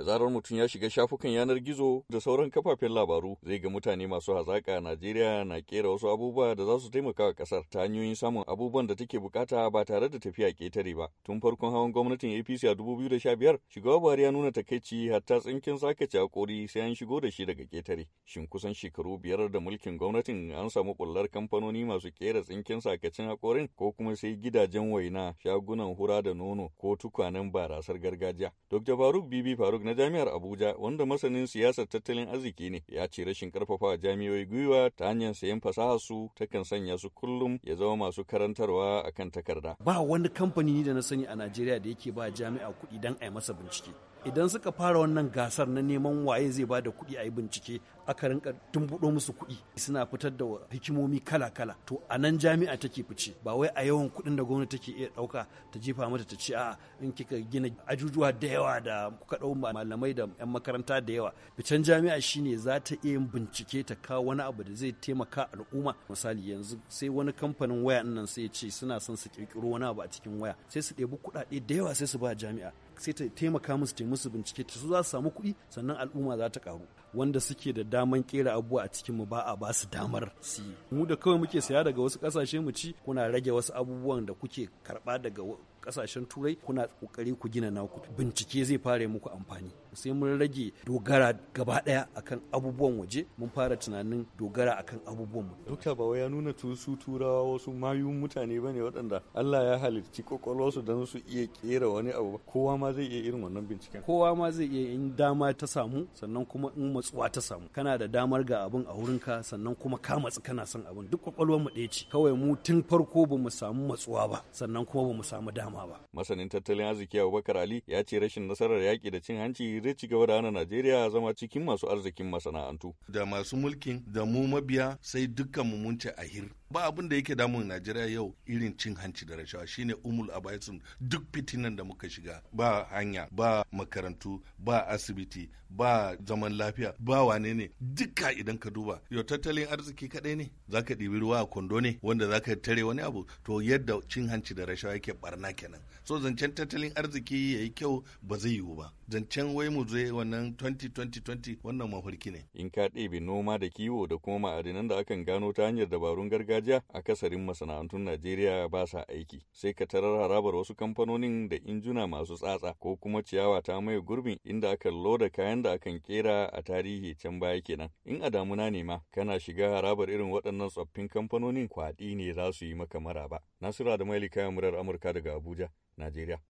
Da zarar mutum ya shiga shafukan yanar gizo da sauran kafafen labaru zai ga mutane masu hazaƙa a Najeriya na kera wasu abubuwa da za su taimaka wa ƙasar ta hanyoyin samun abubuwan da take bukata ba tare da tafiya ƙetare ba. Tun farkon hawan gwamnatin APC a da 2015 shiga Buhari ya nuna takaici hatta tsinkin sakace a kori sai an shigo da shi daga ƙetare. Shin kusan shekaru biyar da mulkin gwamnatin an samu kullar kamfanoni masu kera tsinkin sakacin hakorin ko kuma sai gidajen waina shagunan hura da nono ko tukwanen barasar gargajiya. Dr. Faruk Bibi Faruk na jami'ar Abuja wanda masanin siyasar tattalin arziki ne ya ce rashin karfafawa jami'oi gwiwa ta hanyar sayan fasaha su takan sanya su kullum ya zama masu karantarwa akan takarda. Ba wani kamfani da na sani a Najeriya da yake ba jami'a kuɗi don a yi masa bincike. idan suka fara wannan gasar na neman waye zai ba da kuɗi a yi bincike aka rinka tumbuɗo musu kuɗi suna fitar da hikimomi kala-kala to a nan jami'a take fice ba wai a yawan kuɗin da gwamnati take iya ɗauka ta jefa mata ta ce a'a in kika gina ajujuwa da yawa da kuka ɗau malamai da 'yan makaranta da yawa ficen jami'a shine za ta iya yin bincike ta kawo wani abu da zai taimaka al'umma misali yanzu sai wani kamfanin waya nan sai ya ce suna son su kirkiro wani abu a cikin waya sai su ɗebi kuɗaɗe da yawa sai su ba jami'a sai ta taimaka musu musu bincike su za su samu kuɗi sannan al'umma za ta karu wanda suke da daman kera abubuwa a cikin mu ba a ba su damar su mu da kawai muke saya daga wasu kasashe mu ci kuna rage wasu abubuwan da kuke karɓa daga kasashen turai kuna kokari ku gina naku bincike zai fara muku amfani sai mun rage dogara gaba daya akan abubuwan waje mun fara tunanin dogara akan abubuwan mu dokta ba ya nuna su turawa wasu mayun mutane bane waɗanda Allah ya halicci su don su iya kera wani abu kowa ma zai iya irin wannan binciken kowa ma zai iya in dama ta samu sannan kuma in matsuwa ta samu kana da damar ga abin a wurin ka, sannan kuma ka matsi kana son abin duk kwakwalwar mu ɗaya ce kawai mu tun farko bamu mu samu matsuwa ba sannan kuma ba samu dama dama ba. Masanin tattalin arziki Abubakar Ali ya ce rashin nasarar yaƙi da cin hanci zai ci gaba da hana Najeriya zama cikin masu arzikin masana'antu. Da masu mulkin da mu mabiya sai dukkan mu mun ci ahir ba abin da yake damun najeriya yau irin cin hanci da rashawa shine umul abaisun duk fitinan da muka shiga ba hanya ba makarantu ba asibiti ba zaman lafiya ba wane ne duka idan ka duba yau tattalin arziki kadai ne zaka ɗibi ruwa a kwando ne wanda zaka tare wani abu to yadda cin hanci da rashawa yake barna kenan so zancen tattalin arziki yayi kyau ba zai yiwu ba zancen wai mu zai wannan 2020 wannan mafarki ne in ka ɗebe noma da kiwo da kuma ma'adinan da akan gano ta hanyar dabarun gargajiya a akasarin masana'antun Najeriya ba sa aiki sai ka tarar harabar wasu kamfanonin da injuna masu tsatsa ko kuma ciyawa ta mai gurbin inda akan loda kayan da akan kera a tarihi can baya kenan in a damuna ne ma kana shiga harabar irin waɗannan tsoffin kamfanonin kwaɗi ne za su yi maka maraba Nasira da Mailika murar Amurka daga Abuja Najeriya